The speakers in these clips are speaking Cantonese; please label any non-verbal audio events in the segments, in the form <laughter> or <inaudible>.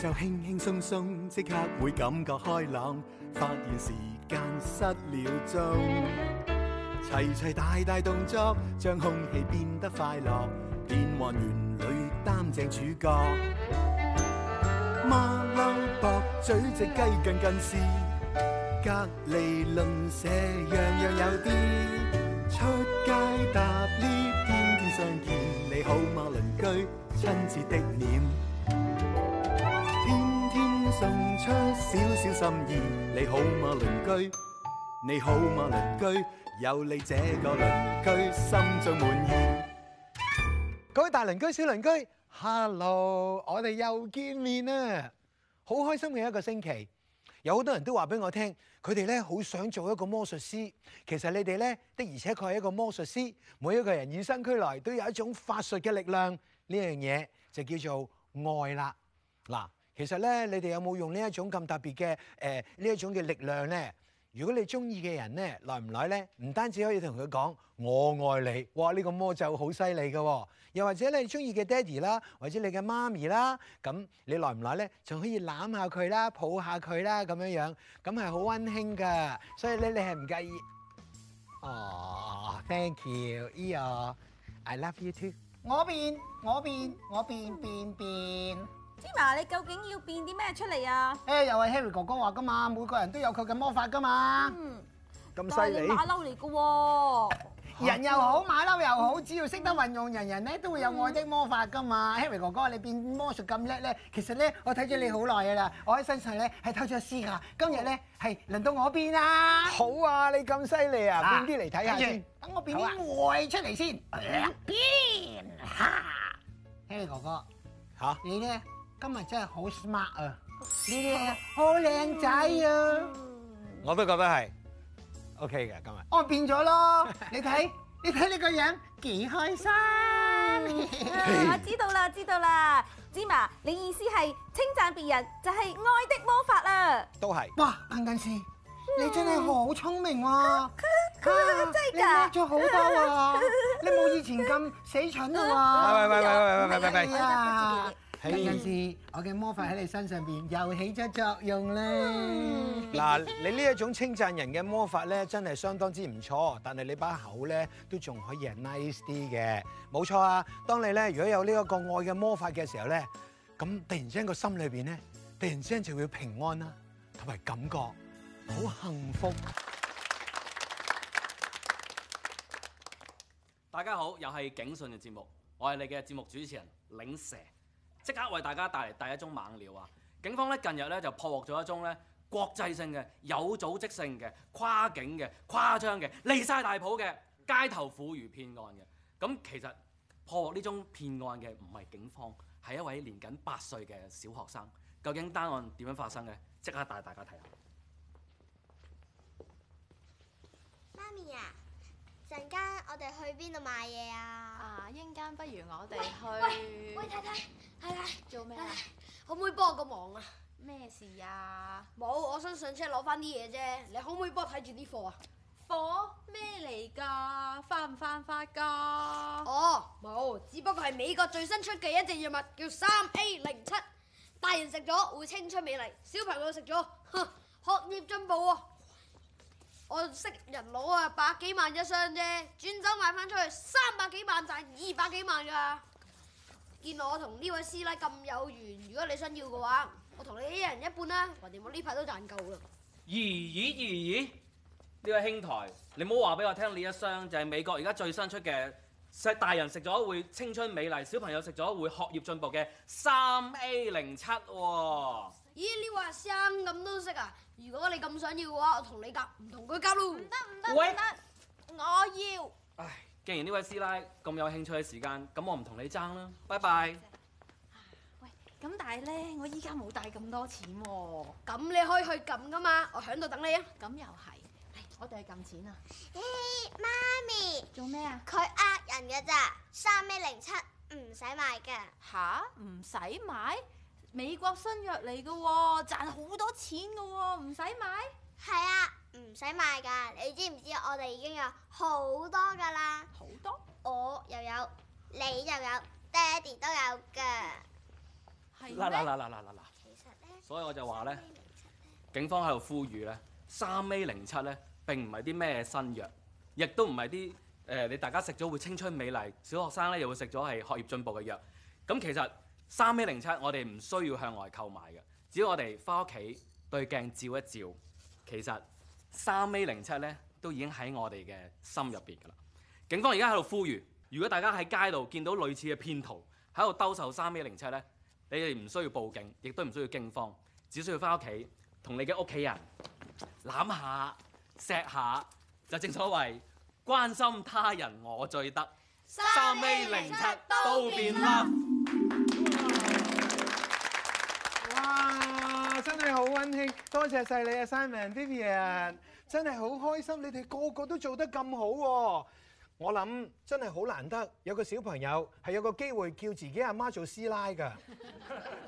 就輕輕鬆鬆，即刻會感覺開朗，發現時間失了蹤。齊齊大大動作，將空氣變得快樂，變幻園裏擔正主角。馬騮博嘴，隻雞近近視，隔籬鄰舍樣樣樣有啲。出街搭 lift 天天相見，你好嗎，鄰居？親切的臉。送出少少心意，你好嗎鄰居？你好嗎鄰居？有你這個鄰居，心中滿意。各位大鄰居、小鄰居，Hello，我哋又見面啦，好開心嘅一個星期。有好多人都話俾我聽，佢哋咧好想做一個魔術師。其實你哋咧的，而且確係一個魔術師，每一個人與生俱來都有一種法術嘅力量，呢樣嘢就叫做愛啦。嗱。其實咧，你哋有冇用呢一種咁特別嘅誒呢一種嘅力量咧？如果你中意嘅人咧來唔來咧，唔單止可以同佢講我愛你，哇！呢個魔咒好犀利嘅。又或者你中意嘅爹哋啦，或者你嘅媽咪啦，咁你來唔來咧？仲可以攬下佢啦，抱下佢啦，咁樣樣，咁係好溫馨噶。所以咧，你係唔介意？哦，thank you，yeah，I love you too 我。我變，我變，我變變變。芝麻，你究竟要變啲咩出嚟啊？誒，又係 Harry 哥哥話噶嘛，每個人都有佢嘅魔法噶嘛。嗯，咁犀利。我係馬騮嚟嘅，人又好，馬騮又好，只要識得運用，人人咧都會有愛的魔法噶嘛。Harry 哥哥，你變魔術咁叻咧，其實咧我睇咗你好耐噶啦，我喺身上咧係偷咗師噶，今日咧係輪到我變喇！好啊，你咁犀利啊，變啲嚟睇下先。等我變啲愛出嚟先。變吓，Harry 哥哥，吓你咧？今日真係好 smart 啊！你哋好靚仔啊！我都覺得係 OK 嘅今日。我變咗咯，你睇，你睇你個樣幾開心。我知道啦，知道啦。芝麻，你意思係稱讚別人就係愛的魔法啦、啊？都係。哇、啊，晏君師，你真係好聰明喎、啊！真係噶，你叻咗好多喎、啊！你冇以前咁死蠢嘅、啊、喂！喂喂喂喂喂喂喂！拜拜拜拜有陣時，我嘅魔法喺你身上邊又起咗作用咧。嗱， <laughs> 你呢一種稱讚人嘅魔法咧，真係相當之唔錯。但係你把口咧都仲可以 nice 啲嘅，冇錯啊。當你咧如果有呢一個愛嘅魔法嘅時候咧，咁突然之間個心裏邊咧，突然之間就會平安啦，同埋感覺好幸福。大家好，又係警訊嘅節目，我係你嘅節目主持人領蛇。即刻為大家帶嚟第一宗猛料啊！警方咧近日咧就破獲咗一宗咧國際性嘅有組織性嘅跨境嘅誇張嘅離晒大譜嘅街頭婦孺騙案嘅。咁其實破獲呢宗騙案嘅唔係警方，係一位年僅八歲嘅小學生。究竟單案點樣發生嘅？即刻帶大家睇下。媽咪啊！陣間我哋去邊度買嘢啊？啊，一陣間不如我哋去。喂，喂，喂太太太太，做咩啊？可唔可以幫我個忙啊？咩事啊？冇，我想上車攞翻啲嘢啫。你可唔可以幫我睇住啲貨啊？貨咩嚟噶？翻唔翻發噶？哦，冇，只不過係美國最新出嘅一隻藥物，叫三 A 零七。大人食咗會青春美麗，小朋友食咗，哼，學業進步啊！我識人攞啊，百幾萬一箱啫，轉手賣翻出去三百幾萬賺二百幾萬噶。見我同呢位師奶咁有緣，如果你想要嘅話，我同你一人一半啦。橫掂我呢排都賺夠啦。咦咦咦咦，呢位兄台，你唔好話俾我聽呢一箱就係美國而家最新出嘅，食大人食咗會青春美麗，小朋友食咗會學業進步嘅三 A 零七喎。咦，你話聲咁都識啊？如果你咁想要嘅話，我同你夾，唔同佢夾咯。唔得唔得唔得，我要。唉，既然呢位師奶咁有興趣嘅時間，咁我唔同你爭啦。拜拜。喂，咁但係咧，我依家冇帶咁多錢喎。咁你可以去撳㗎嘛，我響度等你啊。咁又係，我哋去撳錢啊。咦，媽咪，做咩啊？佢呃人㗎咋？三一零七唔使買㗎。吓，唔使買？美國新藥嚟嘅喎，賺好多錢㗎喎，唔使買。係啊，唔使買㗎。你知唔知我哋已經有好多㗎啦？好多。我又有，你又有，爹哋都有㗎。係咩？嗱嗱嗱嗱嗱嗱嗱。其實呢，所以我就話咧，警方喺度呼籲咧，三 A 零七咧並唔係啲咩新藥，亦都唔係啲誒你大家食咗會青春美麗，小學生咧又會食咗係學業進步嘅藥。咁其實。三米零七，我哋唔需要向外購買嘅，只要我哋翻屋企對鏡照一照，其實三米零七咧都已經喺我哋嘅心入邊噶啦。警方而家喺度呼籲，如果大家喺街度見到類似嘅騙徒喺度兜售三米零七咧，你哋唔需要報警，亦都唔需要驚慌，只需要翻屋企同你嘅屋企人攬下錫下，就正所謂關心他人我最得，三米零七都變啦。溫馨，多謝曬你啊，Simon、Vivian，真係好開心，你哋個個都做得咁好喎。我諗真係好難得有個小朋友係有個機會叫自己阿媽做師奶㗎。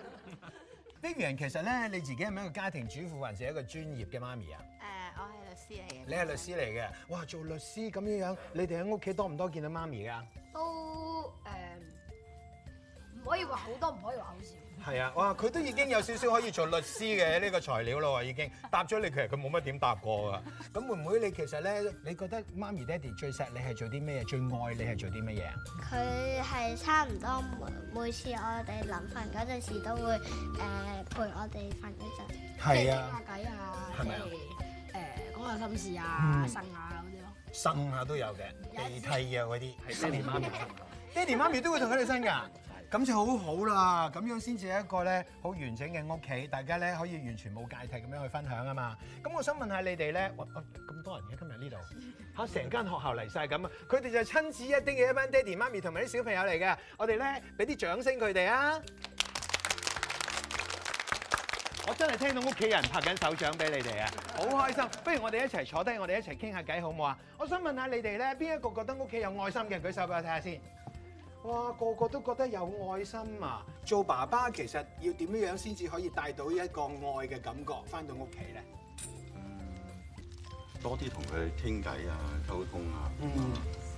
<laughs> Vivian 其實咧，你自己係咪一個家庭主婦，還是一個專業嘅媽咪啊？誒、uh，我係律師嚟嘅。你係律師嚟嘅，哇！做律師咁樣樣，你哋喺屋企多唔多見到媽咪㗎？都誒，uh，唔可以話好多，唔可以話好少。係啊，哇！佢都已經有少少可以做律師嘅呢個材料咯，已經答咗你，其實佢冇乜點答過㗎。咁妹妹，你其實咧，你覺得媽咪、爹哋最錫你係做啲咩？最愛你係做啲乜嘢？佢係差唔多每次我哋臨瞓嗰陣時都會誒、呃、陪我哋瞓一陣，即係傾下偈啊，即係誒講下心事啊，呻下嗰啲咯。呻下都有嘅。氣體啊嗰啲，係爹哋媽咪 <laughs> 爹哋媽咪爹哋媽咪都會同佢哋呻㗎。咁就好好啦，咁樣先至一個咧好完整嘅屋企，大家咧可以完全冇芥蒂咁樣去分享啊嘛。咁我想問下你哋咧，咁多人嘅、啊、今日呢度嚇成間學校嚟晒咁啊！佢哋就親子一丁嘅一班爹哋媽咪同埋啲小朋友嚟嘅。我哋咧俾啲掌聲佢哋啊！我真係聽到屋企人拍緊手掌俾你哋啊，好 <laughs> 開心。不如我哋一齊坐低，我哋一齊傾下偈好冇啊？我想問下你哋咧，邊一個覺得屋企有愛心嘅舉手俾我睇下先。哇，個個都覺得有愛心啊！做爸爸其實要點樣樣先至可以帶到一個愛嘅感覺返到屋企咧？多啲同佢傾偈啊，溝通啊，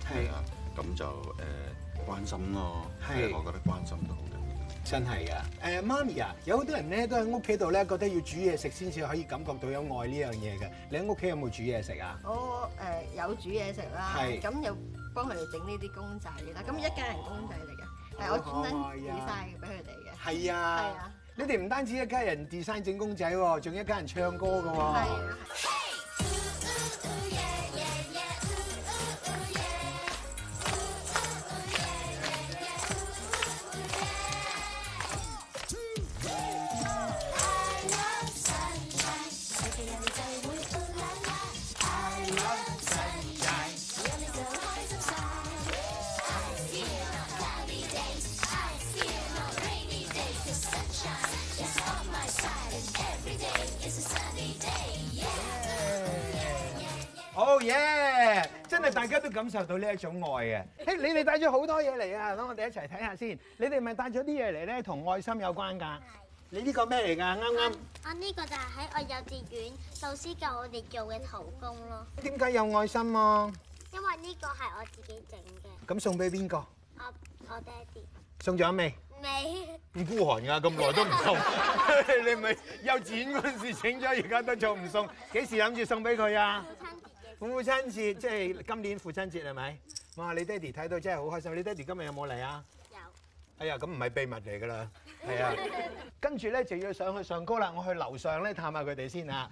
係、嗯、啊，咁、啊、就誒、呃、關心咯。係，我覺得關心都好緊要。真係㗎，誒、呃、媽咪啊，有好多人咧都喺屋企度咧覺得要煮嘢食先至可以感覺到有愛呢樣嘢嘅。你喺屋企有冇煮嘢食啊？我誒、呃、有煮嘢食啦，咁有。幫佢哋整呢啲公仔啦，咁一家人的公仔嚟嘅，係、哦、我專登 design 嘅俾佢哋嘅。係啊，啊，啊，你哋唔單止一家人 design 整公仔喎，仲一家人唱歌嘅係啊。哦耶！真係大家都感受到呢一種愛嘅。誒，你哋帶咗好多嘢嚟啊，等我哋一齊睇下先。你哋咪帶咗啲嘢嚟咧，同愛心有關㗎。你呢個咩嚟㗎？啱啱我呢個就係喺我幼稚園老師教我哋做嘅手工咯。點解有愛心喎？因為呢個係我自己整嘅。咁送俾邊個？我我爹哋。送咗未？未。唔孤寒㗎，咁耐都唔送。你咪幼稚園嗰陣時請咗，而家都做唔送。幾時諗住送俾佢啊？父親節即係今年父親節係咪？哇！你爹哋睇到真係好開心。你爹哋今日有冇嚟啊？有。哎呀，咁唔係秘密嚟㗎啦。係啊。跟住咧就要上去上高啦。我去樓上咧探下佢哋先啊。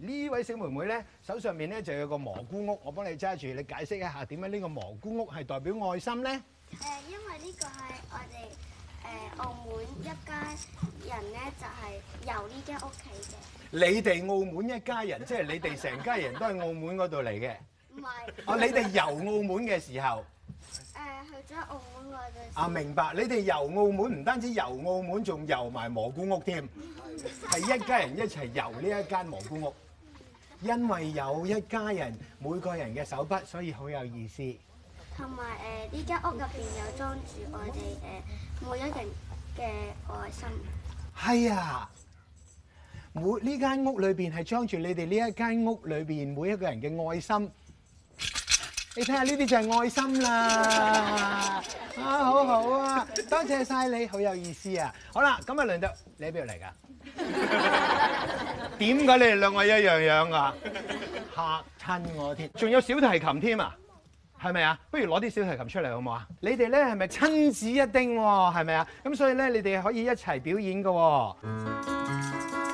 呢位小妹妹咧，手上面咧就有個蘑菇屋，我幫你揸住。你解釋一下點解呢個蘑菇屋係代表愛心咧？誒，因為呢個係我哋誒澳門一家人咧，就係由呢間屋企嘅。你哋澳門一家人，即係你哋成家人都係澳門嗰度嚟嘅。唔係。哦，你哋遊澳門嘅時候，誒去咗澳門外嘅。啊，明白。你哋遊澳門唔單止遊澳門，仲遊埋蘑菇屋添，係一家人一齊遊呢一間蘑菇屋。因為有一家人，每個人嘅手筆，所以好有意思。同埋誒呢間屋入邊有裝住我哋誒每一人嘅愛心。係啊。每呢間屋裏邊係裝住你哋呢一間屋裏邊每一個人嘅愛心，你睇下呢啲就係愛心啦！啊，好好啊，多謝晒你，好有意思啊！好啦，咁啊，輪到，你喺邊度嚟㗎？點解你哋兩位一樣樣㗎？嚇親我添！仲有小提琴添啊？係咪啊？不如攞啲小提琴出嚟好唔好啊？你哋咧係咪親子一丁喎？係咪啊？咁所以咧，你哋可以一齊表演嘅喎。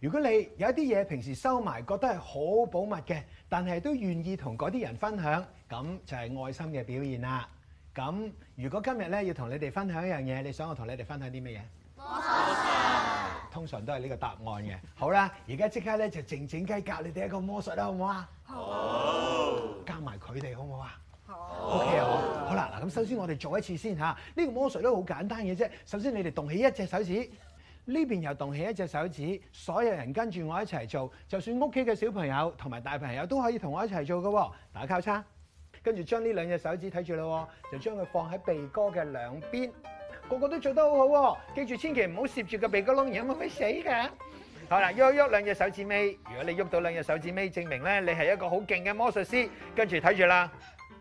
如果你有一啲嘢平時收埋，覺得係好保密嘅，但係都願意同嗰啲人分享，咁就係愛心嘅表現啦。咁如果今日咧要同你哋分享一樣嘢，你想我同你哋分享啲乜嘢？魔術通常都係呢個答案嘅。好啦，而家即刻咧就靜靜雞教你哋一個魔術啦，好唔好啊？好。加埋佢哋好唔好啊？好。O K 啊，好啦，嗱，咁首先我哋做一次先嚇，呢個魔術都好簡單嘅啫。首先你哋動起一隻手指。呢邊又動起一隻手指，所有人跟住我一齊做，就算屋企嘅小朋友同埋大朋友都可以同我一齊做嘅喎。打交叉，跟住將呢兩隻手指睇住啦，就將佢放喺鼻哥嘅兩邊。個個都做得好好喎，記住千祈唔好攝住個鼻哥窿，然後我會死㗎。好啦，喐一喐兩隻手指尾。如果你喐到兩隻手指尾，證明咧你係一個好勁嘅魔術師。跟住睇住啦，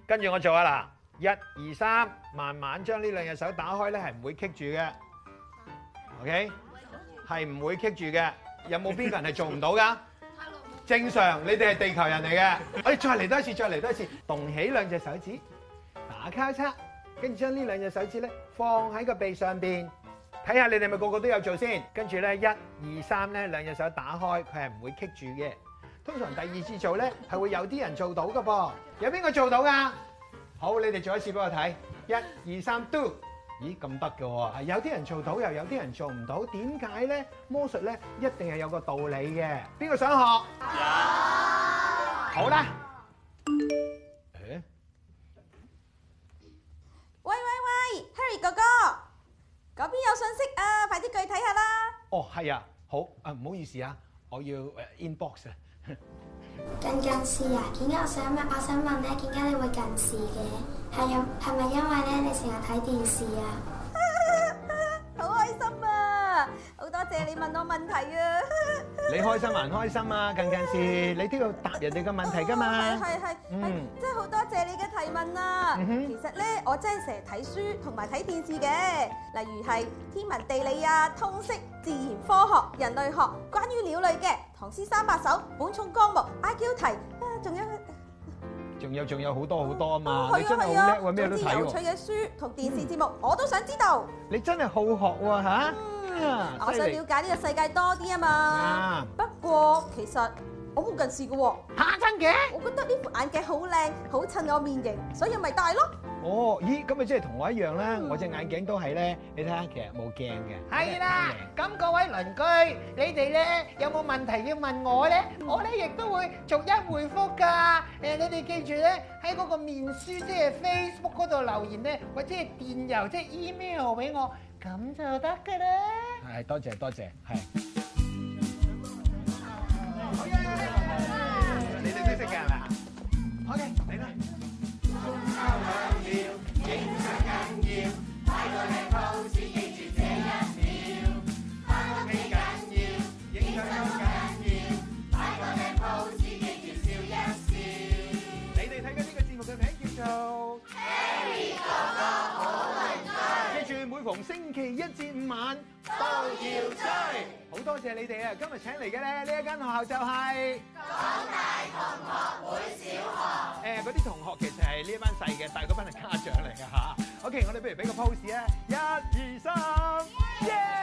跟住我做啊嗱，一、二、三，慢慢將呢兩隻手打開咧，係唔會棘住嘅。OK。係唔會棘住嘅，有冇邊個人係做唔到㗎？正常，你哋係地球人嚟嘅。哎，再嚟多一次，再嚟多一次，棟起兩隻手指，打交叉，跟住將呢兩隻手指咧放喺個鼻上邊，睇下你哋咪個個都有做先。跟住咧，一二三咧，兩隻手打開，佢係唔會棘住嘅。通常第二次做咧係會有啲人做到㗎噃，有邊個做到㗎？好，你哋做一次俾我睇，一二三，do。咦，咁得㗎喎，有啲人做到又有啲人做唔到，點解咧？魔術咧一定係有個道理嘅。邊個想學？有好啦。誒，喂喂喂，Harry 哥哥，嗰邊有訊息啊，快啲過去睇下啦。哦，係啊，好啊，唔好意思啊，我要 Inbox 啊。近近視啊！點解我想問？我想問咧，點解你會近視嘅？係啊係咪因為咧，你成日睇電視啊？好 <laughs> 開心啊！好多謝你問我問題啊！ <laughs> 你開心還開心啊！近近視， <laughs> 你都要答人哋嘅問題噶嘛？係係係，真係好多謝你嘅提問啊！其實咧，我真係成日睇書同埋睇電視嘅，例如係天文地理啊、通識、自然科學、人類學、關於鳥類嘅。唐詩三百首、本草綱目、IQ 題，啊，仲有，仲有仲有好多好多啊嘛！你真係好叻喎，咩都睇喎。總之有趣嘅書同電視節目，我都想知道。你真係好學喎，嚇！我想了解呢個世界多啲啊嘛。不過其實我冇近視嘅喎。嚇，真嘅？我覺得呢副眼鏡好靚，好襯我面型，所以咪戴咯。哦，咦，咁咪即係同我一樣啦，我隻眼鏡都係咧，你睇下，其實冇鏡嘅。係啦，咁各位鄰居，你哋咧有冇問題要問我咧？我咧亦都會逐一回覆㗎。誒，你哋記住咧，喺嗰個面書即係 Facebook 嗰度留言咧，或者係電郵即係 email 俾我，咁就得㗎啦。係，多謝多謝，係。好，你哋識識㗎啦，OK，嚟啦。逢星期一至五晚都要追，好多謝你哋啊！今日請嚟嘅咧，呢一間學校就係、是、港大同學會小學。誒、呃，嗰啲同學其實係呢一班細嘅，但係嗰班係家長嚟嘅吓。OK，我哋不如俾個 pose 啊：「一二三，耶！」